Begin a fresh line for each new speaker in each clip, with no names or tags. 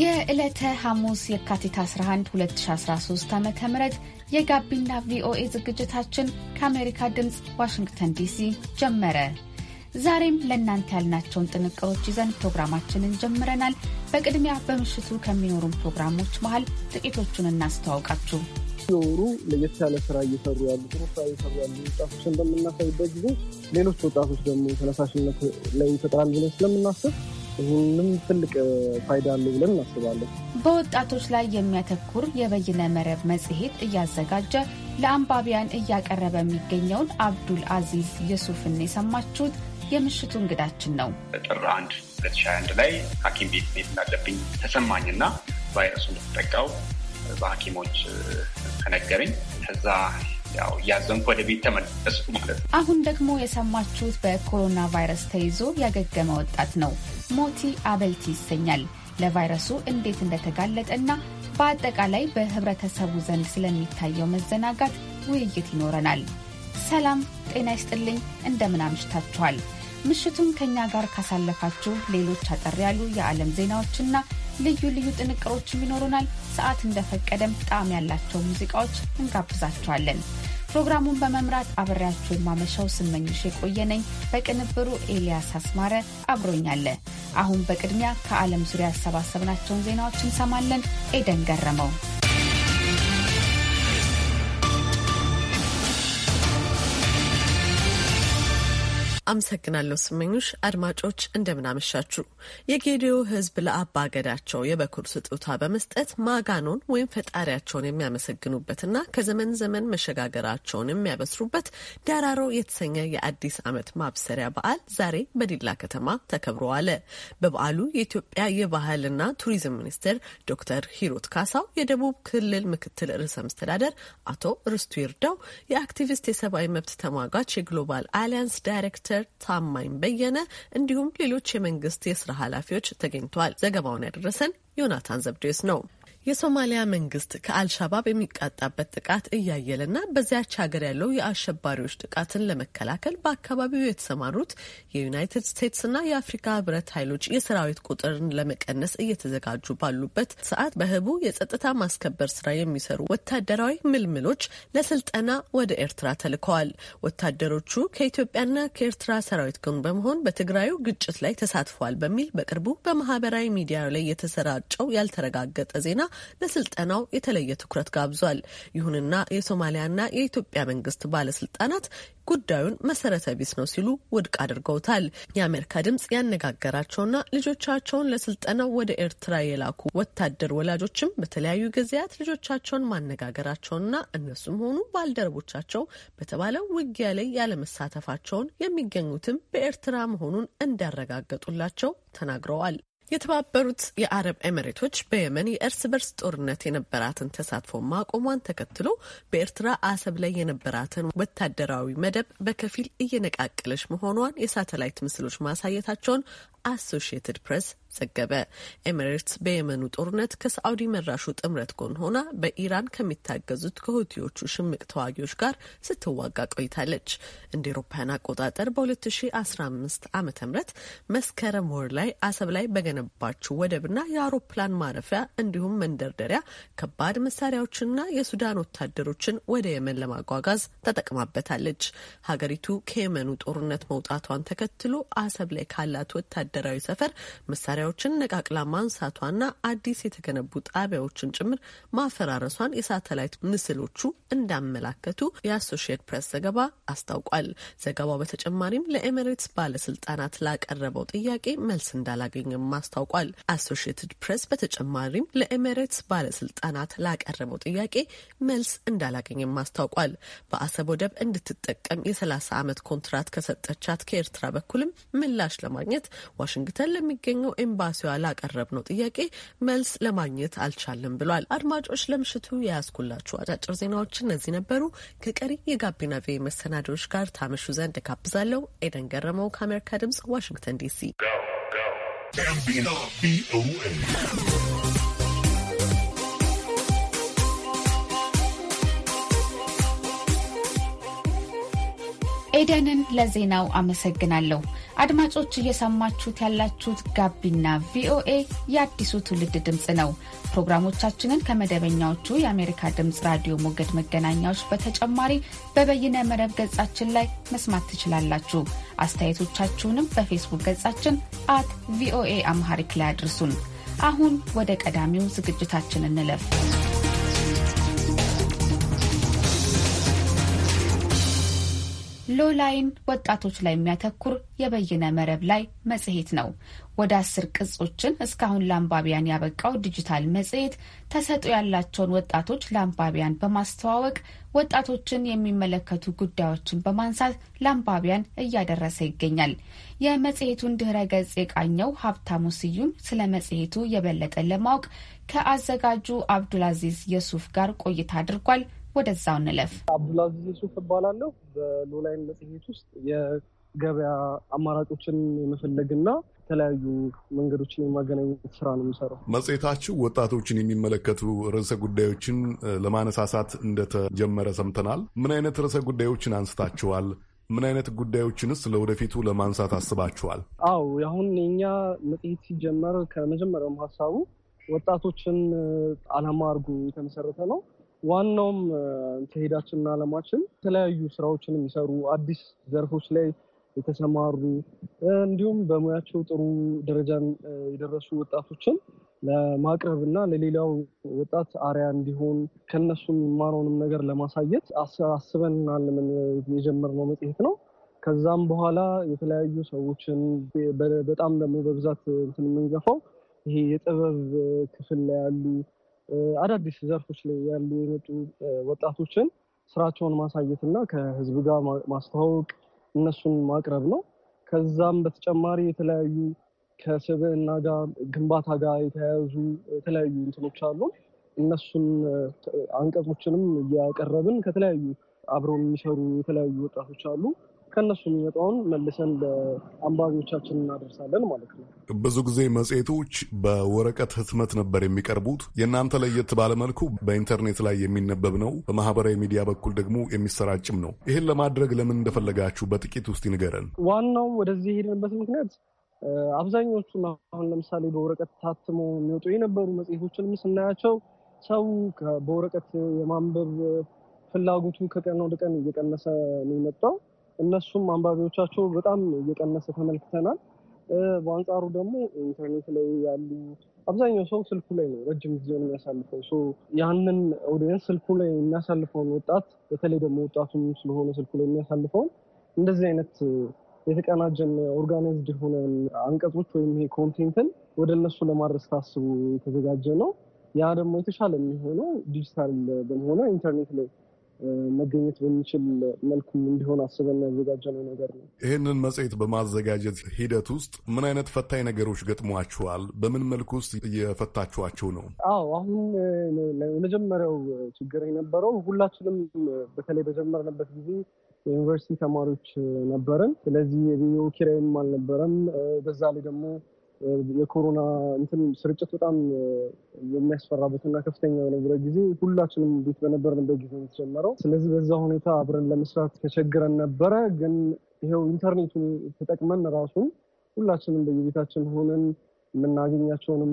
የዕለተ ሐሙስ የካቲት 11 2013 ዓ ም የጋቢና ቪኦኤ ዝግጅታችን ከአሜሪካ ድምፅ ዋሽንግተን ዲሲ ጀመረ። ዛሬም ለእናንተ ያልናቸውን ጥንቅሮች ይዘን ፕሮግራማችንን ጀምረናል። በቅድሚያ በምሽቱ ከሚኖሩን ፕሮግራሞች መሀል ጥቂቶቹን እናስተዋውቃችሁ።
የወሩ ለየት ያለ ስራ እየሰሩ ያሉ ጥሩ ስራ እየሰሩ ያሉ ወጣቶችን በምናሳይበት ጊዜ ሌሎች ወጣቶች ደግሞ ተነሳሽነት ላይ ይፈጥራል ብለን ስለምናስብ ይህንም ትልቅ ፋይዳ አለው ብለን እናስባለን።
በወጣቶች ላይ የሚያተኩር የበይነ መረብ መጽሔት እያዘጋጀ ለአንባቢያን እያቀረበ የሚገኘውን አብዱል አዚዝ የሱፍን የሰማችሁት የምሽቱ እንግዳችን ነው።
በጥር አንድ 2021 ላይ ሐኪም ቤት ቤት እንዳለብኝ ተሰማኝና ቫይረሱ እንደተጠቃው በሐኪሞች ተነገረኝ። ከዛ ያው እያዘንኩ ወደ ቤት ተመለስኩ ማለት
ነው። አሁን ደግሞ የሰማችሁት በኮሮና ቫይረስ ተይዞ ያገገመ ወጣት ነው። ሞቲ አበልቲ ይሰኛል። ለቫይረሱ እንዴት እንደተጋለጠና በአጠቃላይ በህብረተሰቡ ዘንድ ስለሚታየው መዘናጋት ውይይት ይኖረናል። ሰላም ጤና ይስጥልኝ። እንደምን አምሽታችኋል? ምሽቱን ከእኛ ጋር ካሳለፋችሁ ሌሎች አጠር ያሉ የዓለም ዜናዎችና ልዩ ልዩ ጥንቅሮችም ይኖሩናል። ሰዓት እንደፈቀደም ጣዕም ያላቸው ሙዚቃዎች እንጋብዛችኋለን። ፕሮግራሙን በመምራት አብሬያችሁ የማመሻው ስመኝሽ የቆየነኝ በቅንብሩ ኤልያስ አስማረ አብሮኛለ። አሁን በቅድሚያ ከዓለም ዙሪያ ያሰባሰብናቸውን ዜናዎች እንሰማለን። ኤደን ገረመው
አመሰግናለሁ ስመኞች። አድማጮች እንደምናመሻችሁ። የጌዲዮ ሕዝብ ለአባ ገዳቸው የበኩር ስጦታ በመስጠት ማጋኖን ወይም ፈጣሪያቸውን የሚያመሰግኑበትና ከዘመን ዘመን መሸጋገራቸውን የሚያበስሩበት ዳራሮ የተሰኘ የአዲስ ዓመት ማብሰሪያ በዓል ዛሬ በዲላ ከተማ ተከብሮ አለ። በበዓሉ የኢትዮጵያ የባህልና ቱሪዝም ሚኒስቴር ዶክተር ሂሩት ካሳው፣ የደቡብ ክልል ምክትል ርዕሰ መስተዳደር አቶ ርስቱ ይርዳው፣ የአክቲቪስት የሰብአዊ መብት ተሟጋች የግሎባል አሊያንስ ዳይሬክተር ሚኒስትር ታማኝ በየነ እንዲሁም ሌሎች የመንግስት የስራ ኃላፊዎች ተገኝተዋል። ዘገባውን ያደረሰን ዮናታን ዘብዴስ ነው። የሶማሊያ መንግስት ከአልሻባብ የሚቃጣበት ጥቃት እያየለና በዚያች ሀገር ያለው የአሸባሪዎች ጥቃትን ለመከላከል በአካባቢው የተሰማሩት የዩናይትድ ስቴትስና የአፍሪካ ህብረት ኃይሎች የሰራዊት ቁጥርን ለመቀነስ እየተዘጋጁ ባሉበት ሰዓት በህቡ የጸጥታ ማስከበር ስራ የሚሰሩ ወታደራዊ ምልምሎች ለስልጠና ወደ ኤርትራ ተልከዋል። ወታደሮቹ ከኢትዮጵያና ከኤርትራ ሰራዊት ጎን በመሆን በትግራዩ ግጭት ላይ ተሳትፈዋል በሚል በቅርቡ በማህበራዊ ሚዲያ ላይ የተሰራጨው ያልተረጋገጠ ዜና ለስልጠናው የተለየ ትኩረት ጋብዟል። ይሁንና የሶማሊያና የኢትዮጵያ መንግስት ባለስልጣናት ጉዳዩን መሰረተ ቢስ ነው ሲሉ ውድቅ አድርገውታል። የአሜሪካ ድምጽ ያነጋገራቸውና ልጆቻቸውን ለስልጠናው ወደ ኤርትራ የላኩ ወታደር ወላጆችም በተለያዩ ጊዜያት ልጆቻቸውን ማነጋገራቸውና እነሱም ሆኑ ባልደረቦቻቸው በተባለው ውጊያ ላይ ያለመሳተፋቸውን የሚገኙትም በኤርትራ መሆኑን እንዳረጋገጡላቸው ተናግረዋል። የተባበሩት የአረብ ኤምሬቶች በየመን የእርስ በርስ ጦርነት የነበራትን ተሳትፎ ማቆሟን ተከትሎ በኤርትራ አሰብ ላይ የነበራትን ወታደራዊ መደብ በከፊል እየነቃቀለች መሆኗን የሳተላይት ምስሎች ማሳየታቸውን አሶሽየትድ ፕሬስ ዘገበ። ኤሚሬትስ በየመኑ ጦርነት ከሳዑዲ መራሹ ጥምረት ጎን ሆና በኢራን ከሚታገዙት ከሁቲዎቹ ሽምቅ ተዋጊዎች ጋር ስትዋጋ ቆይታለች። እንደ ኤሮፓያን አቆጣጠር በ2015 ዓ ም መስከረም ወር ላይ አሰብ ላይ በገነባችው ወደብና የአውሮፕላን ማረፊያ እንዲሁም መንደርደሪያ ከባድ መሳሪያዎችንና የሱዳን ወታደሮችን ወደ የመን ለማጓጓዝ ተጠቅማበታለች። ሀገሪቱ ከየመኑ ጦርነት መውጣቷን ተከትሎ አሰብ ላይ ካላት ወታደራዊ ሰፈር መሳሪያ መሳሪያዎችን ነቃቅላ ማንሳቷና አዲስ የተገነቡ ጣቢያዎችን ጭምር ማፈራረሷን የሳተላይት ምስሎቹ እንዳመላከቱ የአሶሺየት ፕሬስ ዘገባ አስታውቋል። ዘገባው በተጨማሪም ለኤሜሬትስ ባለስልጣናት ላቀረበው ጥያቄ መልስ እንዳላገኘም አስታውቋል። አሶሺየትድ ፕሬስ በተጨማሪም ለኤሜሬትስ ባለስልጣናት ላቀረበው ጥያቄ መልስ እንዳላገኘም አስታውቋል። በአሰብ ወደብ እንድትጠቀም የ30 ዓመት ኮንትራት ከሰጠቻት ከኤርትራ በኩልም ምላሽ ለማግኘት ዋሽንግተን ለሚገኘው ኤምባሲዋ ላቀረብነው ጥያቄ መልስ ለማግኘት አልቻለም ብሏል። አድማጮች፣ ለምሽቱ የያዝኩላችሁ አጫጭር ዜናዎች እነዚህ ነበሩ። ከቀሪ የጋቢና ቪ መሰናዶዎች ጋር ታመሹ ዘንድ ጋብዛለሁ። ኤደን ገረመው ከአሜሪካ ድምጽ ዋሽንግተን ዲሲ።
ኤደንን ለዜናው አመሰግናለሁ። አድማጮች እየሰማችሁት ያላችሁት ጋቢና ቪኦኤ የአዲሱ ትውልድ ድምፅ ነው። ፕሮግራሞቻችንን ከመደበኛዎቹ የአሜሪካ ድምፅ ራዲዮ ሞገድ መገናኛዎች በተጨማሪ በበይነ መረብ ገጻችን ላይ መስማት ትችላላችሁ። አስተያየቶቻችሁንም በፌስቡክ ገጻችን አት ቪኦኤ አምሃሪክ ላይ አድርሱን። አሁን ወደ ቀዳሚው ዝግጅታችን እንለፍ። ሎላይን ወጣቶች ላይ የሚያተኩር የበይነ መረብ ላይ መጽሔት ነው። ወደ አስር ቅጾችን እስካሁን ለአንባቢያን ያበቃው ዲጂታል መጽሔት ተሰጥኦ ያላቸውን ወጣቶች ለአንባቢያን በማስተዋወቅ ወጣቶችን የሚመለከቱ ጉዳዮችን በማንሳት ለአንባቢያን እያደረሰ ይገኛል። የመጽሔቱን ድኅረ ገጽ የቃኘው ሀብታሙ ስዩም ስለ መጽሔቱ የበለጠ ለማወቅ ከአዘጋጁ አብዱልአዚዝ የሱፍ ጋር ቆይታ አድርጓል። ወደዛው እንለፍ።
አብዱልአዚዝ ሱፍ እባላለሁ። በሎላይን መጽሔት ውስጥ የገበያ አማራጮችን የመፈለግና የተለያዩ መንገዶችን የማገናኘት ስራ ነው የሚሰራው።
መጽሔታችሁ ወጣቶችን የሚመለከቱ ርዕሰ ጉዳዮችን ለማነሳሳት እንደተጀመረ ሰምተናል። ምን አይነት ርዕሰ ጉዳዮችን አንስታችኋል? ምን አይነት ጉዳዮችንስ ለወደፊቱ ለማንሳት አስባችኋል?
አው አሁን የኛ መጽሔት ሲጀመር ከመጀመሪያውም ሀሳቡ ወጣቶችን አላማ አድርጎ የተመሰረተ ነው። ዋናውም ከሄዳችንና አለማችን የተለያዩ ስራዎችን የሚሰሩ አዲስ ዘርፎች ላይ የተሰማሩ እንዲሁም በሙያቸው ጥሩ ደረጃን የደረሱ ወጣቶችን ለማቅረብ እና ለሌላው ወጣት አሪያ እንዲሆን ከነሱ የሚማረውንም ነገር ለማሳየት አስበናል የጀመርነው መጽሔት ነው። ከዛም በኋላ የተለያዩ ሰዎችን በጣም ደግሞ በብዛት እንትን የምንገፋው ይሄ የጥበብ ክፍል ላይ ያሉ አዳዲስ ዘርፎች ላይ ያሉ የመጡ ወጣቶችን ስራቸውን ማሳየት እና ከህዝብ ጋር ማስተዋወቅ እነሱን ማቅረብ ነው። ከዛም በተጨማሪ የተለያዩ ከስብዕና ጋር ግንባታ ጋር የተያያዙ የተለያዩ እንትኖች አሉ። እነሱን አንቀጾችንም እያቀረብን ከተለያዩ አብረው የሚሰሩ የተለያዩ ወጣቶች አሉ። ከእነሱ የሚመጣውን መልሰን ለአንባቢዎቻችን እናደርሳለን ማለት ነው።
ብዙ ጊዜ መጽሔቶች በወረቀት ህትመት ነበር የሚቀርቡት። የእናንተ ለየት ባለመልኩ በኢንተርኔት ላይ የሚነበብ ነው፣ በማህበራዊ ሚዲያ በኩል ደግሞ የሚሰራጭም ነው። ይህን ለማድረግ ለምን እንደፈለጋችሁ በጥቂት ውስጥ ይንገረን።
ዋናው ወደዚህ የሄድንበት ምክንያት አብዛኞቹ አሁን ለምሳሌ በወረቀት ታትሞ የሚወጡ የነበሩ መጽሔቶችንም ስናያቸው ሰው በወረቀት የማንበብ ፍላጎቱ ከቀን ወደ ቀን እየቀነሰ ነው የመጣው። እነሱም አንባቢዎቻቸው በጣም እየቀነሰ ተመልክተናል። በአንጻሩ ደግሞ ኢንተርኔት ላይ ያሉ አብዛኛው ሰው ስልኩ ላይ ነው ረጅም ጊዜውን የሚያሳልፈው። ያንን ኦዲየንስ ስልኩ ላይ የሚያሳልፈውን ወጣት በተለይ ደግሞ ወጣቱም ስለሆነ ስልኩ ላይ የሚያሳልፈውን እንደዚህ አይነት የተቀናጀን ኦርጋናይዝድ የሆነን አንቀጾች ወይም ይሄ ኮንቴንትን ወደ እነሱ ለማድረስ ታስቡ የተዘጋጀ ነው። ያ ደግሞ የተሻለ የሚሆነው ዲጂታል በመሆነ ኢንተርኔት ላይ መገኘት በሚችል መልኩ እንዲሆን አስበን ያዘጋጀነው ነገር ነው።
ይህንን መጽሔት በማዘጋጀት ሂደት ውስጥ ምን አይነት ፈታኝ ነገሮች ገጥሟችኋል? በምን መልኩ ውስጥ እየፈታችኋቸው ነው?
አዎ አሁን የመጀመሪያው ችግር የነበረው ሁላችንም በተለይ በጀመርንበት ጊዜ የዩኒቨርሲቲ ተማሪዎች ነበርን። ስለዚህ የቢሮ ኪራይም አልነበረም። በዛ ላይ ደግሞ የኮሮና እንትን ስርጭት በጣም የሚያስፈራበትና ከፍተኛ በነበረ ጊዜ ሁላችንም ቤት በነበርንበት ጊዜ የተጀመረው። ስለዚህ በዛ ሁኔታ አብረን ለመስራት ተቸግረን ነበረ። ግን ይኸው ኢንተርኔቱን ተጠቅመን ራሱን ሁላችንም በየቤታችን ሆነን የምናገኛቸውንም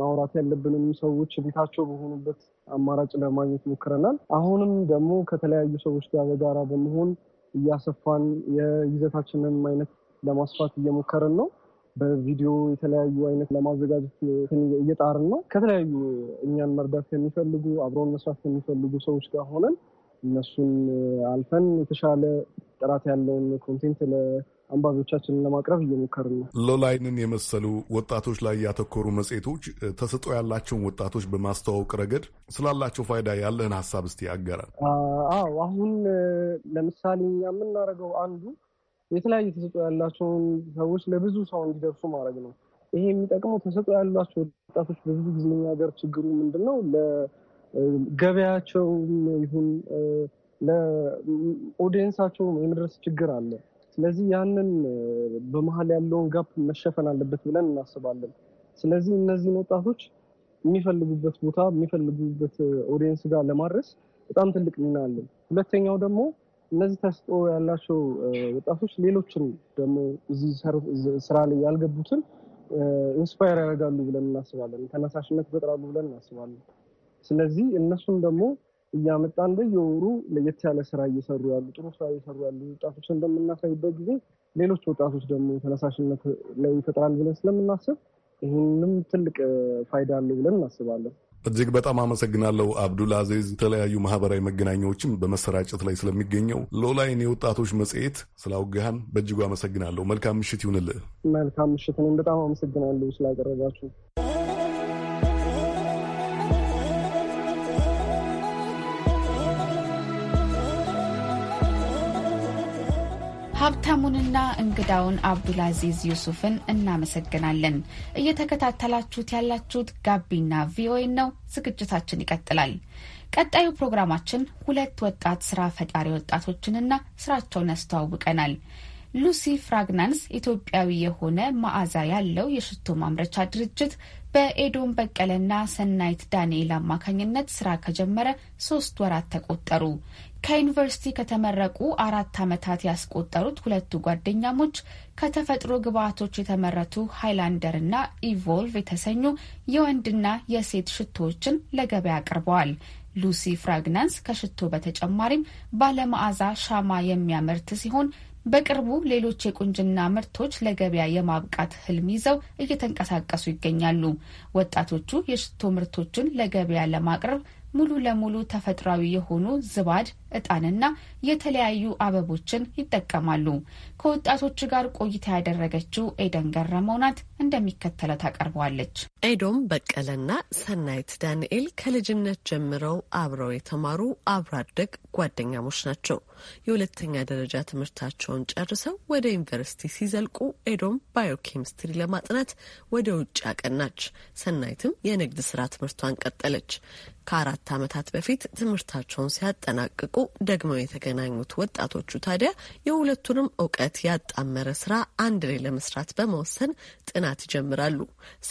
ማውራት ያለብንም ሰዎች ቤታቸው በሆኑበት አማራጭ ለማግኘት ሞክረናል። አሁንም ደግሞ ከተለያዩ ሰዎች ጋር በጋራ በመሆን እያሰፋን የይዘታችንን አይነት ለማስፋት እየሞከርን ነው። በቪዲዮ የተለያዩ አይነት ለማዘጋጀት እየጣርን ነው። ከተለያዩ እኛን መርዳት ከሚፈልጉ አብረውን መስራት ከሚፈልጉ ሰዎች ጋር ሆነን እነሱን አልፈን የተሻለ ጥራት ያለውን ኮንቴንት አንባቢዎቻችንን ለማቅረብ እየሞከር ነው።
ሎላይንን የመሰሉ ወጣቶች ላይ ያተኮሩ መጽሔቶች ተሰጥኦ ያላቸውን ወጣቶች በማስተዋወቅ ረገድ ስላላቸው ፋይዳ ያለህን ሀሳብ እስቲ ያገራል
አዎ አሁን ለምሳሌ የምናደርገው አንዱ የተለያየ ተሰጦ ያላቸውን ሰዎች ለብዙ ሰው እንዲደርሱ ማድረግ ነው። ይሄ የሚጠቅመው ተሰጦ ያሏቸው ወጣቶች በብዙ ጊዜ የሚያገር ችግሩ ምንድን ነው? ለገበያቸውም ይሁን ለኦዲየንሳቸው የመድረስ ችግር አለ። ስለዚህ ያንን በመሀል ያለውን ጋፕ መሸፈን አለበት ብለን እናስባለን። ስለዚህ እነዚህን ወጣቶች የሚፈልጉበት ቦታ የሚፈልጉበት ኦዲየንስ ጋር ለማድረስ በጣም ትልቅ ሚና አለን። ሁለተኛው ደግሞ እነዚህ ተስጦ ያላቸው ወጣቶች ሌሎችን ደግሞ እዚህ ስራ ላይ ያልገቡትን ኢንስፓየር ያደርጋሉ ብለን እናስባለን። ተነሳሽነት ይፈጥራሉ ብለን እናስባለን። ስለዚህ እነሱም ደግሞ እያመጣን በየወሩ ለየት ያለ ስራ እየሰሩ ያሉ ጥሩ ስራ እየሰሩ ያሉ ወጣቶች እንደምናሳይበት ጊዜ ሌሎች ወጣቶች ደግሞ ተነሳሽነት ላይ ይፈጥራል ብለን ስለምናስብ ይህንም ትልቅ ፋይዳ አለው ብለን እናስባለን።
እጅግ በጣም አመሰግናለሁ አብዱል አዚዝ። የተለያዩ ማህበራዊ መገናኛዎችም በመሰራጨት ላይ ስለሚገኘው ሎላይን የወጣቶች መጽሔት ስላውጋህን በእጅጉ አመሰግናለሁ። መልካም ምሽት ይሁንልህ።
መልካም ምሽት። እኔም በጣም አመሰግናለሁ ስላቀረባችሁ።
ሀብታሙንና እንግዳውን አብዱልአዚዝ ዩሱፍን እናመሰግናለን። እየተከታተላችሁት ያላችሁት ጋቢና ቪኦኤ ነው። ዝግጅታችን ይቀጥላል። ቀጣዩ ፕሮግራማችን ሁለት ወጣት ስራ ፈጣሪ ወጣቶችንና ስራቸውን ያስተዋውቀናል። ሉሲ ፍራግናንስ ኢትዮጵያዊ የሆነ መዓዛ ያለው የሽቶ ማምረቻ ድርጅት በኤዶን በቀለና ሰናይት ዳንኤል አማካኝነት ስራ ከጀመረ ሶስት ወራት ተቆጠሩ። ከዩኒቨርሲቲ ከተመረቁ አራት ዓመታት ያስቆጠሩት ሁለቱ ጓደኛሞች ከተፈጥሮ ግብዓቶች የተመረቱ ሃይላንደር እና ኢቮልቭ የተሰኙ የወንድና የሴት ሽቶዎችን ለገበያ አቅርበዋል። ሉሲ ፍራግናንስ ከሽቶ በተጨማሪም ባለመዓዛ ሻማ የሚያመርት ሲሆን በቅርቡ ሌሎች የቁንጅና ምርቶች ለገበያ የማብቃት ህልም ይዘው እየተንቀሳቀሱ ይገኛሉ። ወጣቶቹ የሽቶ ምርቶችን ለገበያ ለማቅረብ ሙሉ ለሙሉ ተፈጥሯዊ የሆኑ ዝባድ እጣንና የተለያዩ አበቦችን ይጠቀማሉ። ከወጣቶች ጋር ቆይታ ያደረገችው
ኤደን ገረመው ናት። እንደሚከተለ ታቀርበዋለች። ኤዶም በቀለና ሰናይት ዳንኤል ከልጅነት ጀምረው አብረው የተማሩ አብሮ አደግ ጓደኛሞች ናቸው። የሁለተኛ ደረጃ ትምህርታቸውን ጨርሰው ወደ ዩኒቨርሲቲ ሲዘልቁ ኤዶም ባዮኬሚስትሪ ለማጥናት ወደ ውጭ አቀናች። ሰናይትም የንግድ ስራ ትምህርቷን ቀጠለች። ከአራት ዓመታት በፊት ትምህርታቸውን ሲያጠናቅቁ ደግመው የተገናኙት ወጣቶቹ ታዲያ የሁለቱንም እውቀት ያጣመረ ስራ አንድ ላይ ለመስራት በመወሰን ጥናት ይጀምራሉ።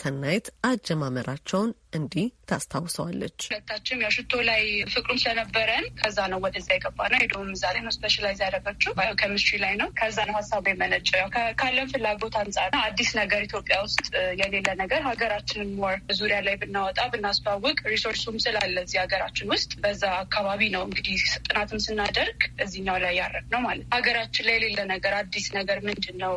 ሰናይት አጀማመራቸውን እንዲህ ታስታውሰዋለች።
ሁለታችም ያው ሽቶ ላይ ፍቅሩም ስለነበረን ከዛ ነው ወደዛ የገባ ነው። ሄዶም እዛ ላይ ነው ስፔሻላይዝ ያደረገችው ባዮ ኬሚስትሪ ላይ ነው። ከዛ ነው ሀሳቡ የመነጨ ያው ካለን ፍላጎት አንጻር ነው። አዲስ ነገር ኢትዮጵያ ውስጥ የሌለ ነገር ሀገራችንን ሞር ዙሪያ ላይ ብናወጣ ብናስተዋውቅ፣ ሪሶርሱም ስላለ እዚህ ሀገራችን ውስጥ በዛ አካባቢ ነው እንግዲህ ጥናትም ስናደርግ እዚህኛው ላይ ያረግ ነው ማለት ሀገራችን ላይ የሌለ ነገር አዲስ ነገር ምንድን ነው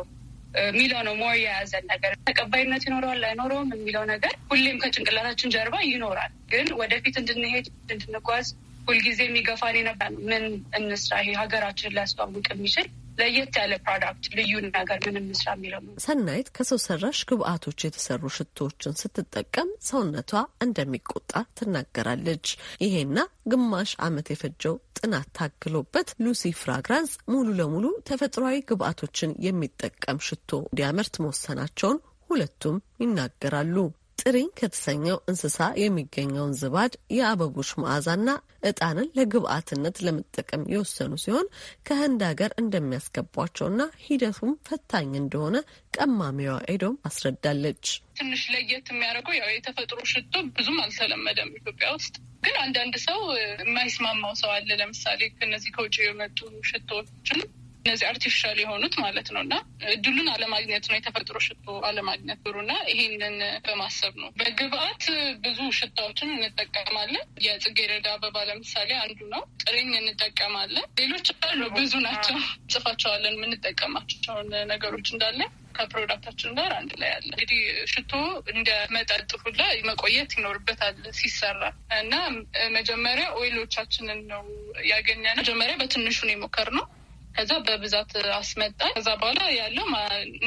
የሚለው ነው። ሞር የያዘን ነገር ተቀባይነት ይኖረዋል አይኖረውም የሚለው ነገር ሁሌም ከጭንቅላታችን ጀርባ ይኖራል። ግን ወደፊት እንድንሄድ እንድንጓዝ ሁልጊዜ የሚገፋን ነበር። ምን እንስራ ይሄ ሀገራችንን ሊያስተዋውቅ የሚችል ለየት ያለ ፕሮዳክት ልዩ ነገር ምን እንስራ የሚለው ነው።
ሰናይት ከሰው ሰራሽ ግብአቶች የተሰሩ ሽቶዎችን ስትጠቀም ሰውነቷ እንደሚቆጣ ትናገራለች። ይሄና ግማሽ አመት የፈጀው ጥናት ታክሎበት ሉሲ ፍራግራንስ ሙሉ ለሙሉ ተፈጥሯዊ ግብአቶችን የሚጠቀም ሽቶ እንዲያመርት መወሰናቸውን ሁለቱም ይናገራሉ። ጥሪኝ ከተሰኘው እንስሳ የሚገኘውን ዝባድ፣ የአበቦች መዓዛና እጣንን ለግብአትነት ለመጠቀም የወሰኑ ሲሆን ከህንድ ሀገር እንደሚያስገቧቸውና ሂደቱም ፈታኝ እንደሆነ ቀማሚዋ ኤዶም አስረዳለች።
ትንሽ ለየት የሚያደርገው ያው የተፈጥሮ ሽቶ ብዙም አልተለመደም ኢትዮጵያ ውስጥ። ግን አንዳንድ ሰው የማይስማማው ሰው አለ። ለምሳሌ ከነዚህ ከውጭ የመጡ ሽቶዎችን እነዚህ አርቲፊሻል የሆኑት ማለት ነው እና እድሉን አለማግኘት ነው የተፈጥሮ ሽቶ አለማግኘት ብሩ እና ይሄንን በማሰብ ነው። በግብአት ብዙ ሽታዎችን እንጠቀማለን። የጽጌረዳ አበባ ለምሳሌ አንዱ ነው። ጥሬኝ እንጠቀማለን። ሌሎች አሉ፣ ብዙ ናቸው። ጽፋቸዋለን የምንጠቀማቸውን ነገሮች እንዳለ ከፕሮዳክታችን ጋር አንድ ላይ አለ። እንግዲህ ሽቶ እንደ መጠጥ ሁላ መቆየት ይኖርበታል ሲሰራ እና መጀመሪያ ኦይሎቻችንን ነው ያገኘነው። መጀመሪያ በትንሹ ነው የሞከርነው ከዛ በብዛት አስመጣኝ ከዛ በኋላ ያለው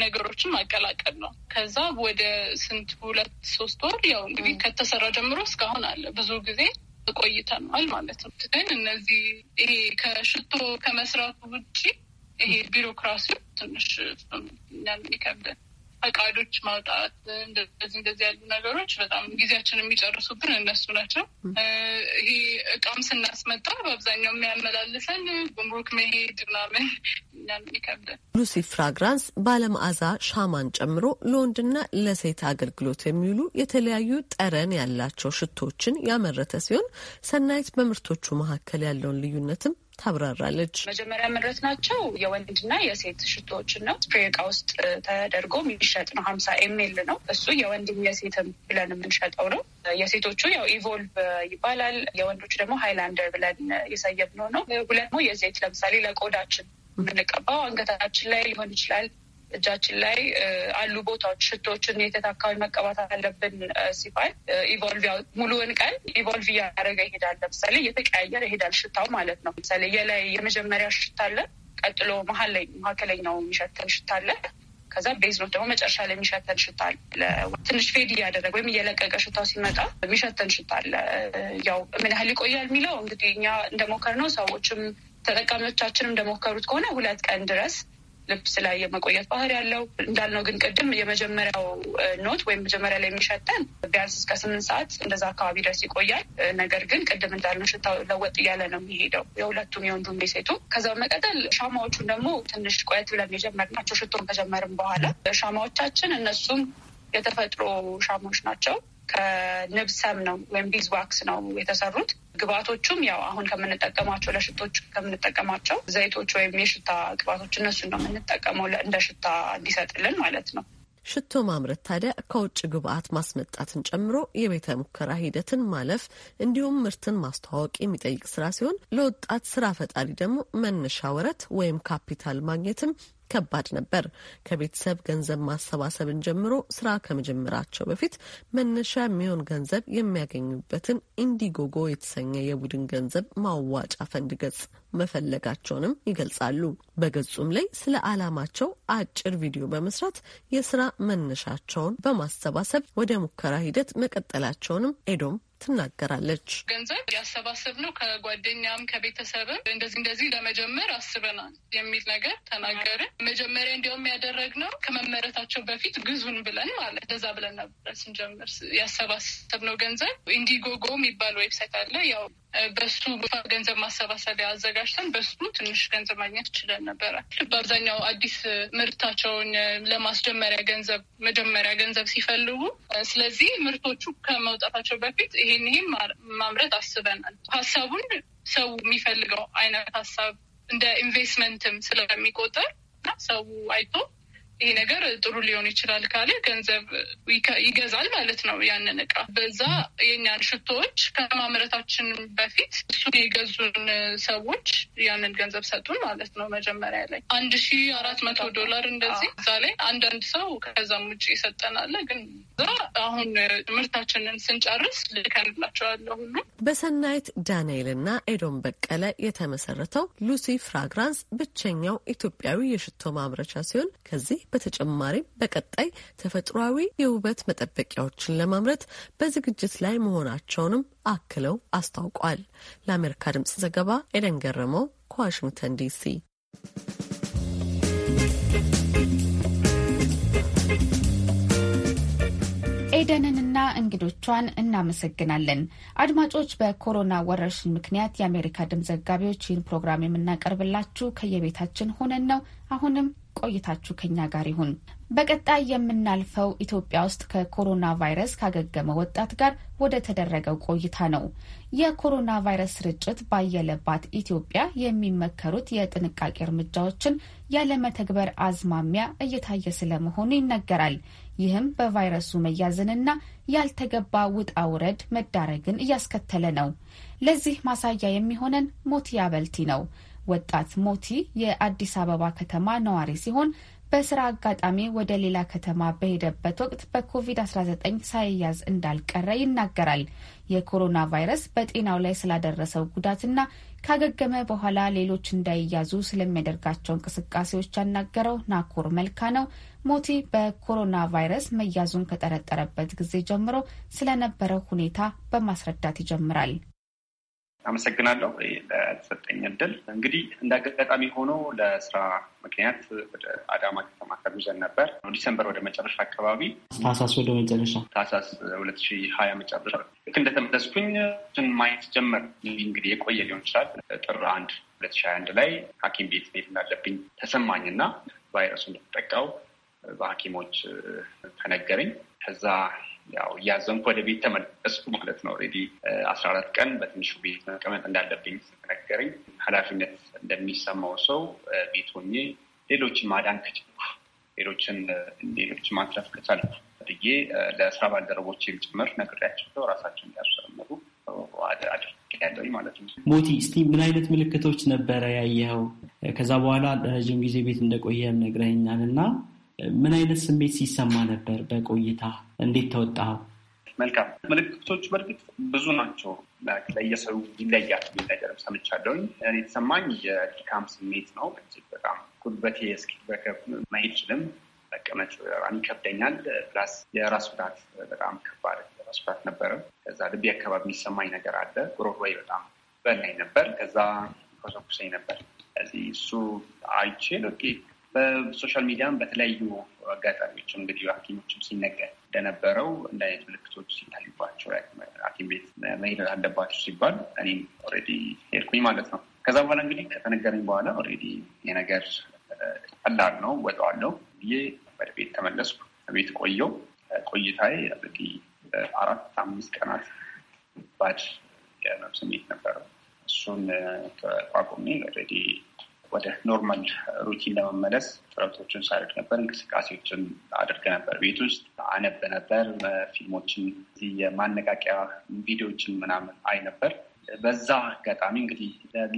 ነገሮችን ማቀላቀል ነው። ከዛ ወደ ስንት ሁለት ሶስት ወር ያው እንግዲህ ከተሰራ ጀምሮ እስካሁን አለ ብዙ ጊዜ ቆይተናል ማለት ነው። ግን እነዚህ ይሄ ከሽቶ ከመስራቱ ውጭ ይሄ ቢሮክራሲው ትንሽ እኛን ይከብደን ፈቃዶች ማውጣት እንደዚህ እንደዚህ ያሉ ነገሮች በጣም ጊዜያችን የሚጨርሱብን እነሱ ናቸው። ይሄ እቃም ስናስመጣ በአብዛኛው የሚያመላልሰን ጉምሩክ መሄድ ምናምን
ሉሲ ፍራግራንስ ባለመዓዛ ሻማን ጨምሮ ለወንድና ለሴት አገልግሎት የሚውሉ የተለያዩ ጠረን ያላቸው ሽቶችን ያመረተ ሲሆን ሰናይት በምርቶቹ መካከል ያለውን ልዩነትም ታብራራለች።
መጀመሪያ ምረት ናቸው የወንድና የሴት ሽቶዎችን ነው። ስፕሬ እቃ ውስጥ ተደርጎ የሚሸጥ ነው። ሀምሳ ኤሜል ነው እሱ የወንድም የሴትም ብለን የምንሸጠው ነው። የሴቶቹ ያው ኢቮልቭ ይባላል። የወንዶቹ ደግሞ ሃይላንደር ብለን የሰየምነው ነው። ሁለት የዘይት ለምሳሌ ለቆዳችን የምንቀባው አንገታችን ላይ ሊሆን ይችላል እጃችን ላይ አሉ ቦታዎች ሽቶዎችን የት አካባቢ መቀባት አለብን ሲባል ኢቮልቭ ሙሉውን ቀን ኢቮልቭ እያደረገ ይሄዳል። ለምሳሌ እየተቀያየረ ይሄዳል ሽታው ማለት ነው። ለምሳሌ የላይ የመጀመሪያ ሽታ አለ። ቀጥሎ መሀል ላይ መካከለኛው የሚሸተን ሽታ አለ። ከዛ ቤዝ ደግሞ መጨረሻ ላይ የሚሸተን ሽታ አለ። ትንሽ ፌድ እያደረገ ወይም እየለቀቀ ሽታው ሲመጣ የሚሸተን ሽታ አለ። ያው ምን ያህል ይቆያል የሚለው እንግዲህ እኛ እንደሞከር ነው። ሰዎችም ተጠቃሚዎቻችንም እንደሞከሩት ከሆነ ሁለት ቀን ድረስ ልብስ ላይ የመቆየት ባህሪ ያለው እንዳልነው ግን ቅድም የመጀመሪያው ኖት ወይም መጀመሪያ ላይ የሚሸተን ቢያንስ እስከ ስምንት ሰዓት እንደዛ አካባቢ ድረስ ይቆያል። ነገር ግን ቅድም እንዳልነው ሽታው ለወጥ እያለ ነው የሚሄደው የሁለቱም የወንዱም የሴቱ። ከዛ በመቀጠል ሻማዎቹን ደግሞ ትንሽ ቆየት ብለን የጀመርናቸው ሽቶን ከጀመርም በኋላ ሻማዎቻችን እነሱም የተፈጥሮ ሻማዎች ናቸው። ከንብሰም ነው ወይም ቢዝ ዋክስ ነው የተሰሩት። ግብአቶቹም ያው አሁን ከምንጠቀማቸው ለሽቶች ከምንጠቀማቸው ዘይቶች ወይም የሽታ ግብአቶች እነሱን ነው የምንጠቀመው እንደ ሽታ እንዲሰጥልን ማለት
ነው። ሽቶ ማምረት ታዲያ ከውጭ ግብአት ማስመጣትን ጨምሮ የቤተ ሙከራ ሂደትን ማለፍ እንዲሁም ምርትን ማስተዋወቅ የሚጠይቅ ስራ ሲሆን ለወጣት ስራ ፈጣሪ ደግሞ መነሻ ወረት ወይም ካፒታል ማግኘትም ከባድ ነበር። ከቤተሰብ ገንዘብ ማሰባሰብን ጀምሮ ስራ ከመጀመራቸው በፊት መነሻ የሚሆን ገንዘብ የሚያገኙበትን ኢንዲጎጎ የተሰኘ የቡድን ገንዘብ ማዋጫ ፈንድ ገጽ መፈለጋቸውንም ይገልጻሉ። በገጹም ላይ ስለ አላማቸው አጭር ቪዲዮ በመስራት የስራ መነሻቸውን በማሰባሰብ ወደ ሙከራ ሂደት መቀጠላቸውንም ኤዶም ትናገራለች።
ገንዘብ ያሰባሰብ ነው ከጓደኛም ከቤተሰብም እንደዚህ እንደዚህ ለመጀመር አስበናል የሚል ነገር ተናገርን። መጀመሪያ እንዲያውም ነው ከመመረታቸው በፊት ግዙን ብለን ማለት እንደዛ ብለን ነበረ ስንጀምር ያሰባሰብ ነው ገንዘብ ኢንዲጎጎ የሚባል ዌብሳይት አለ ያው በሱ ገንዘብ ማሰባሰቢያ አዘጋጅተን በሱ ትንሽ ገንዘብ ማግኘት ችለን ነበረ። በአብዛኛው አዲስ ምርታቸውን ለማስጀመሪያ ገንዘብ መጀመሪያ ገንዘብ ሲፈልጉ፣ ስለዚህ ምርቶቹ ከመውጣታቸው በፊት ይሄን ይሄን ማምረት አስበናል። ሀሳቡን ሰው የሚፈልገው አይነት ሀሳብ እንደ ኢንቨስትመንትም ስለሚቆጠር እና ሰው አይቶ ይሄ ነገር ጥሩ ሊሆን ይችላል ካለ ገንዘብ ይገዛል ማለት ነው ያንን እቃ። በዛ የእኛን ሽቶዎች ከማምረታችን በፊት እሱ የገዙን ሰዎች ያንን ገንዘብ ሰጡን ማለት ነው። መጀመሪያ ላይ አንድ ሺ አራት መቶ ዶላር እንደዚህ እዛ ላይ አንዳንድ ሰው ከዛም ውጭ ይሰጠናል። ግን እዛ አሁን ምርታችንን ስንጨርስ ልከንላቸዋለሁ ሁሉ
በሰናይት ዳንኤል እና ኤዶም በቀለ የተመሰረተው ሉሲ ፍራግራንስ ብቸኛው ኢትዮጵያዊ የሽቶ ማምረቻ ሲሆን ከዚህ በተጨማሪም በቀጣይ ተፈጥሯዊ የውበት መጠበቂያዎችን ለማምረት በዝግጅት ላይ መሆናቸውንም አክለው አስታውቋል። ለአሜሪካ ድምጽ ዘገባ ኤደን ገረመው ከዋሽንግተን ዲሲ።
ኤደንንና እንግዶቿን እናመሰግናለን። አድማጮች፣ በኮሮና ወረርሽኝ ምክንያት የአሜሪካ ድምፅ ዘጋቢዎች ይህን ፕሮግራም የምናቀርብላችሁ ከየቤታችን ሆነን ነው። አሁንም ቆይታችሁ ከኛ ጋር ይሁን። በቀጣይ የምናልፈው ኢትዮጵያ ውስጥ ከኮሮና ቫይረስ ካገገመ ወጣት ጋር ወደ ተደረገው ቆይታ ነው። የኮሮና ቫይረስ ስርጭት ባየለባት ኢትዮጵያ የሚመከሩት የጥንቃቄ እርምጃዎችን ያለመተግበር አዝማሚያ እየታየ ስለመሆኑ ይነገራል። ይህም በቫይረሱ መያዝንና ያልተገባ ውጣ ውረድ መዳረግን እያስከተለ ነው። ለዚህ ማሳያ የሚሆነን ሞቲያ በልቲ ነው። ወጣት ሞቲ የአዲስ አበባ ከተማ ነዋሪ ሲሆን በስራ አጋጣሚ ወደ ሌላ ከተማ በሄደበት ወቅት በኮቪድ-19 ሳይያዝ እንዳልቀረ ይናገራል። የኮሮና ቫይረስ በጤናው ላይ ስላደረሰው ጉዳትና ካገገመ በኋላ ሌሎች እንዳይያዙ ስለሚያደርጋቸው እንቅስቃሴዎች ያናገረው ናኮር መልካ ነው። ሞቲ በኮሮና ቫይረስ መያዙን ከጠረጠረበት ጊዜ ጀምሮ ስለነበረው ሁኔታ በማስረዳት ይጀምራል።
አመሰግናለሁ ለተሰጠኝ እድል። እንግዲህ እንደ አጋጣሚ ሆኖ ለስራ ምክንያት ወደ አዳማ ከተማ ተጉዘን ነበር። ዲሰምበር ወደ መጨረሻ አካባቢ
ታህሳስ ወደ መጨረሻ
ታህሳስ ሁለት ሺህ ሀያ መጨረሻ ልክ እንደተመለስኩኝ ን ማየት ጀመር። እንግዲህ የቆየ ሊሆን ይችላል። ጥር አንድ ሁለት ሺህ ሀያ አንድ ላይ ሐኪም ቤት ቤት እንዳለብኝ ተሰማኝ እና ቫይረሱ እንደተጠቃው በሐኪሞች ተነገረኝ። ከዛ ያው እያዘንኩ ወደ ቤት ተመለስኩ ማለት ነው። ኦልሬዲ አስራ አራት ቀን በትንሹ ቤት መቀመጥ እንዳለብኝ ስትነገረኝ ኃላፊነት እንደሚሰማው ሰው ቤት ሆኜ ሌሎችን ማዳን ከቻልኩ ሌሎችን ሌሎች ማትረፍ ከቻልኩ ብዬ ለስራ ባልደረቦችም ጭምር ነግሬያቸው ራሳቸው እንዲያስጀምሩ
ያለኝ ማለት ነው። ሞቲ፣ እስቲ ምን አይነት ምልክቶች ነበረ ያየኸው? ከዛ በኋላ ለረጅም ጊዜ ቤት እንደቆየም ነግረኛል እና ምን አይነት ስሜት ሲሰማ ነበር? በቆይታ እንዴት ተወጣው? መልካም ምልክቶች በእርግጥ ብዙ
ናቸው። ለየሰው ይለያል የሚል ነገርም ሰምቻለሁኝ። የተሰማኝ የድካም ስሜት ነው። እጅግ በጣም ጉልበቴ እስኪበከብ አይችልም፣ መቀመጭ በጣም ይከብደኛል። ፕላስ የራስ ጉዳት በጣም ከባድ የራስ ጉዳት ነበረ። ከዛ ልቤ አካባቢ የሚሰማኝ ነገር አለ። ጉሮሮዬ በጣም በላይ ነበር። ከዛ ኮሰኩሰኝ ነበር። ስለዚህ እሱ አይቼ ኦኬ በሶሻል ሚዲያም በተለያዩ አጋጣሚዎች እንግዲህ ሐኪሞችም ሲነገር እንደነበረው እንደ አይነት ምልክቶች ሲታዩባቸው ሐኪም ቤት መሄድ አለባቸው ሲባል እኔም ኦልሬዲ ሄድኩኝ ማለት ነው። ከዛ በኋላ እንግዲህ ከተነገረኝ በኋላ ኦልሬዲ የነገር ቀላል ነው ወጠዋለው ብዬ ወደ ቤት ተመለስኩ። ቤት ቆየው ቆይታዬ እንግዲህ አራት አምስት ቀናት ባድ የህመም ስሜት ነበረው። እሱን ተቋቁሜ ኦልሬዲ ወደ ኖርማል ሩቲን ለመመለስ ጥረቶችን ሳደርግ ነበር። እንቅስቃሴዎችን አድርገ ነበር። ቤት ውስጥ አነብ ነበር። ፊልሞችን፣ የማነቃቂያ ቪዲዮዎችን ምናምን አይ ነበር። በዛ አጋጣሚ እንግዲህ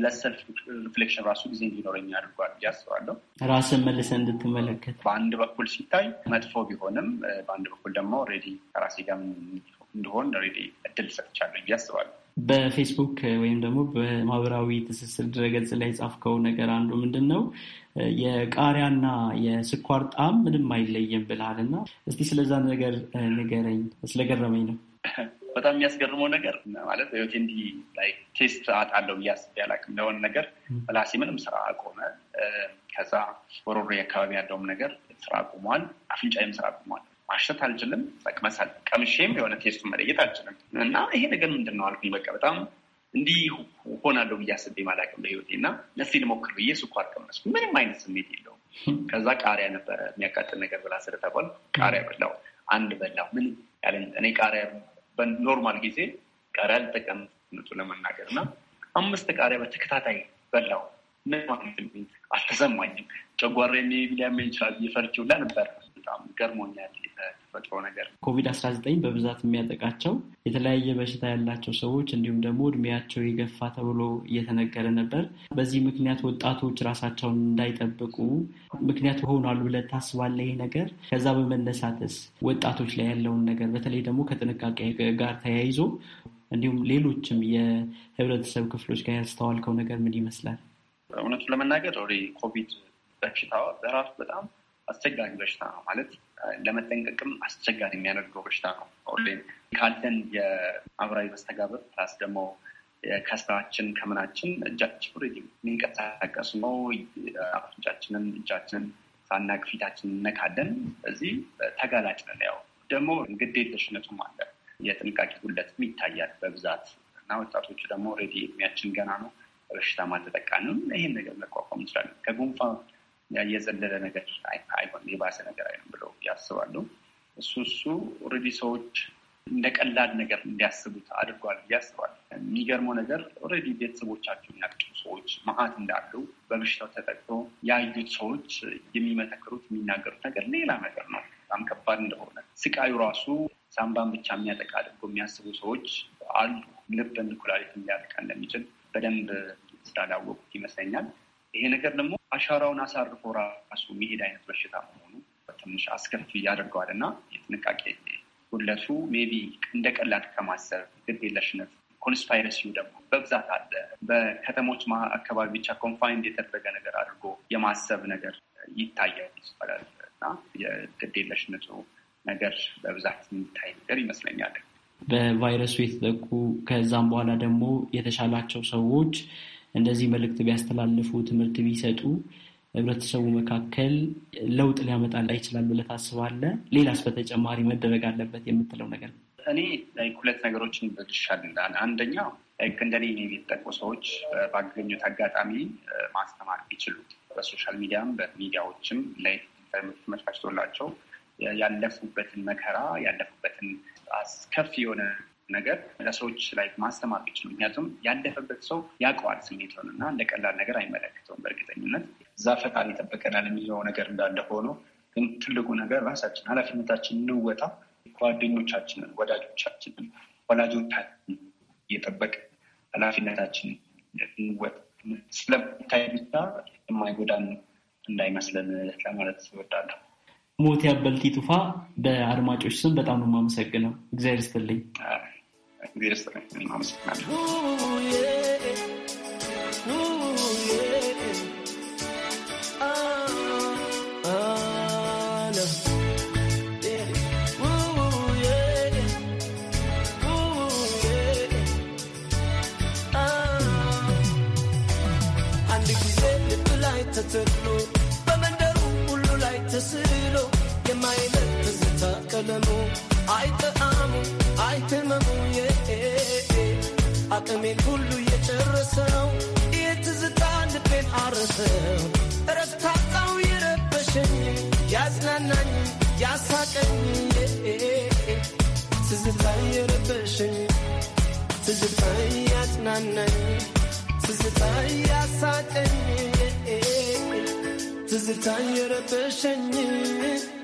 ለሰልፍ ሪፍሌክሽን ራሱ ጊዜ እንዲኖረኝ አድርጓል ብዬ አስባለሁ።
ራስን መልሰ እንድትመለከት በአንድ በኩል ሲታይ መጥፎ
ቢሆንም በአንድ በኩል ደግሞ ሬዲ ከራሴ ጋር እንደሆን ሬዲ እድል ሰጥቻለሁ
ብዬ አስባለሁ። በፌስቡክ eh, ወይም ደግሞ በማህበራዊ ትስስር ድረገጽ ላይ የጻፍከው ነገር አንዱ ምንድን ነው? Eh, የቃሪያና የስኳር ጣዕም ምንም አይለየም ብልሃል እና እስቲ ስለዛ ነገር eh, ንገረኝ። ስለገረመኝ ነው። በጣም የሚያስገርመው ነገር
ማለት በህይወቴ እንዲህ ላይ ቴስት አጣለው እያስብ ያላቅ እንደሆነ ነገር ምላሴ ምንም ስራ አቆመ። ከዛ ወሮሮ አካባቢ ያለውም ነገር ስራ አቁሟል። አፍንጫይም ስራ አቁሟል። ማሸት አልችልም። ጠቅመሳል ቀምሼም የሆነ ቴስቱ መለየት አልችልም እና ይሄ ነገር ምንድን ነው አልኩኝ። በቃ በጣም እንዲህ ሆናለሁ ብዬ አስቤ ማላቅም በህይወቴ እና ለስ ልሞክር ብዬ ስኳር ቀመስኩ። ምንም አይነት ስሜት የለውም። ከዛ ቃሪያ ነበረ የሚያቃጥል ነገር ብላ ስለተባል ቃሪያ በላው። አንድ በላው ምን ያለ እኔ ቃሪያ በኖርማል ጊዜ ቃሪያ ልጠቀም ነቱ ለመናገር እና አምስት ቃሪያ በተከታታይ በላው። ምን አልተሰማኝም። ጨጓራ የሚሊያም ይችላል እየፈርችውላ ነበር በጣም ገርሞኛል የተፈጥሮ ነገር።
ኮቪድ አስራ ዘጠኝ በብዛት የሚያጠቃቸው የተለያየ በሽታ ያላቸው ሰዎች እንዲሁም ደግሞ እድሜያቸው የገፋ ተብሎ እየተነገረ ነበር። በዚህ ምክንያት ወጣቶች ራሳቸውን እንዳይጠብቁ ምክንያት ሆኗል ብለህ ታስባለህ ይህ ነገር? ከዛ በመነሳትስ ወጣቶች ላይ ያለውን ነገር በተለይ ደግሞ ከጥንቃቄ ጋር ተያይዞ እንዲሁም ሌሎችም የህብረተሰብ ክፍሎች ጋር ያስተዋልከው ነገር ምን ይመስላል? እውነቱን
ለመናገር ኦልሬዲ ኮቪድ በሽታ በራሱ በጣም አስቸጋሪ በሽታ ነው ማለት ለመጠንቀቅም አስቸጋሪ የሚያደርገው በሽታ ነው። ካለን የማህበራዊ መስተጋብር ፕላስ ደግሞ ከስራችን ከምናችን እጃችን ኦልሬዲ የሚንቀሳቀሱ ነው። አፍንጫችንን፣ እጃችንን ሳናቅ ፊታችንን እነካለን። እዚህ ተጋላጭ ነን። ያው ደግሞ ግድ የለሽነቱም አለ፣ የጥንቃቄ ጉድለትም ይታያል በብዛት እና ወጣቶቹ ደግሞ ሬዲ እድሜያችን ገና ነው። በሽታ ማልተጠቃንም ይህን ነገር መቋቋም እንችላለን ከጉንፋን የዘለለ ነገር አይሆን የባሰ ነገር አይሆን ብለው ያስባሉ። እሱ እሱ ኦልሬዲ ሰዎች እንደ ቀላል ነገር እንዲያስቡት አድርጓል ብዬ አስባለሁ። የሚገርመው ነገር ኦልሬዲ ቤተሰቦቻቸው ያጡ ሰዎች መሀት እንዳሉ በበሽታው ተጠቅቶ ያዩት ሰዎች የሚመሰክሩት የሚናገሩት ነገር ሌላ ነገር ነው፣ በጣም ከባድ እንደሆነ ስቃዩ ራሱ ሳምባን ብቻ የሚያጠቃ አድርጎ የሚያስቡ ሰዎች አሉ። ልብን፣ ኩላሊትን እንዲያጠቃ እንደሚችል በደንብ ስላላወቁት ይመስለኛል። ይሄ ነገር ደግሞ አሻራውን አሳርፎ ራሱ የሚሄድ አይነት በሽታ መሆኑ ትንሽ አስከፊ ያደርገዋል እና የጥንቃቄ ሁለቱ ሜቢ እንደ ቀላል ከማሰብ ግድ የለሽነት ኮንስፓይረሲው ደግሞ በብዛት አለ። በከተሞች አካባቢ ብቻ ኮንፋይንድ የተደረገ ነገር አድርጎ የማሰብ ነገር ይታያል ይባላል እና የግድ የለሽነቱ ነገር በብዛት የሚታይ ነገር ይመስለኛል።
በቫይረሱ የተጠቁ ከዛም በኋላ ደግሞ የተሻላቸው ሰዎች እንደዚህ መልእክት ቢያስተላልፉ፣ ትምህርት ቢሰጡ ህብረተሰቡ መካከል ለውጥ ሊያመጣ ይችላል ብለህ ታስባለህ? ሌላስ በተጨማሪ መደረግ አለበት የምትለው ነገር? እኔ ሁለት ነገሮችን ብልሻል።
አንደኛው እንደኔ የሚጠቁ ሰዎች ባገኙት አጋጣሚ ማስተማር ቢችሉ በሶሻል ሚዲያም በሚዲያዎችም ላይ መፋጭቶላቸው ያለፉበትን መከራ ያለፉበትን አስከፊ የሆነ ነገር ለሰዎች ላይ ማስተማር ቢችሉ፣ ምክንያቱም ያለፈበት ሰው ያውቀዋል ስሜቱን እና እንደ ቀላል ነገር አይመለከተውም። በእርግጠኝነት እዛ ፈጣሪ ይጠብቀናል የሚለው ነገር እንዳለ ሆኖ ግን ትልቁ ነገር ራሳችን ኃላፊነታችን እንወጣ ጓደኞቻችንን፣ ወዳጆቻችንን፣ ወላጆቻችን እየጠበቅ ኃላፊነታችን እንወጣ ስለሚታይ ብቻ
የማይጎዳን እንዳይመስለን ለማለት እወዳለሁ። ሞት ያበልቲ ቱፋ በአድማጮች ስም በጣም ነው የማመሰግነው። እግዚአብሔር ይስጥልኝ። en
yeah. Amén. አቅሜን ሁሉ የጨረሰው የትዝታ ልቤን አረሰው እረፍታጣው የረበሸኝ ያዝናናኝ ያሳቀኝ ትዝታ የረበሸኝ ትዝታ ያዝናናኝ ትዝታ ያሳቀኝ ትዝታ የረበሸኝ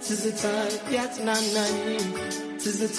ትዝታ ያጽናናኝ ትዝታ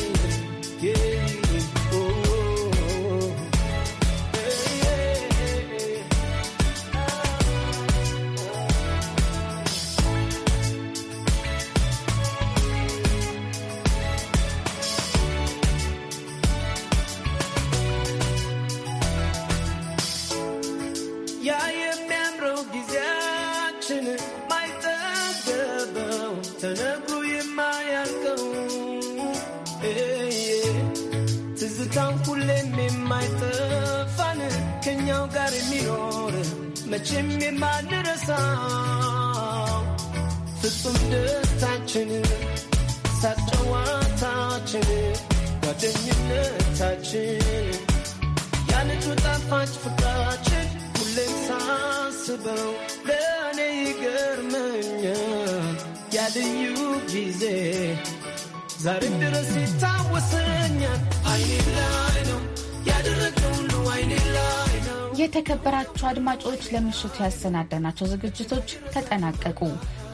የተከበራችሁ አድማጮች ለምሽቱ ያሰናዳናቸው ዝግጅቶች ተጠናቀቁ።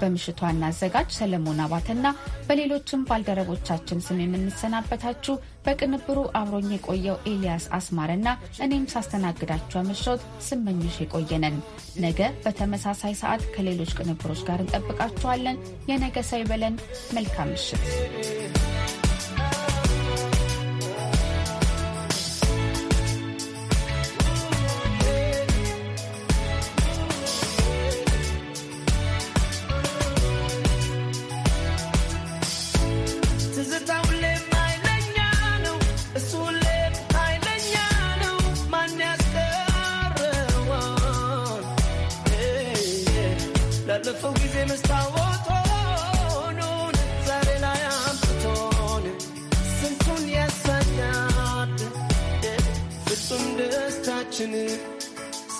በምሽቱ ዋና አዘጋጅ ሰለሞን አባተና በሌሎችም ባልደረቦቻችን ስም የምንሰናበታችሁ በቅንብሩ አብሮኝ የቆየው ኤልያስ አስማረና እኔም ሳስተናግዳችሁ ምሽት ስመኝሽ የቆየነን። ነገ በተመሳሳይ ሰዓት ከሌሎች ቅንብሮች ጋር እንጠብቃችኋለን። የነገ ሰው ይበለን። መልካም ምሽት።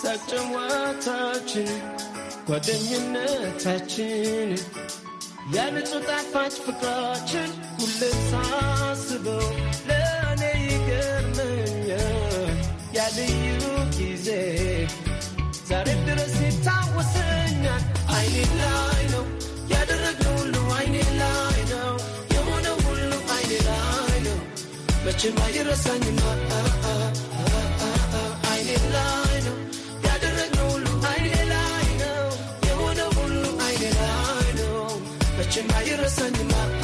የሳቅ ጨዋታችን ጓደኝነታችን ያንጹ ጣፋጭ ፍቅራችን ሁሌም ሳስበው ለእኔ ይገርመኛል ያልዩ ጊዜ ዛሬ ድረስ ይታወሰኛል። አይኔ ላይ ነው ያደረግነው ሁሉ አይኔ ላይ ነው የሆነ ሁሉ አይኔ ላይ ነው መቼም አይረሳኝና መቼም አይረሳኝማ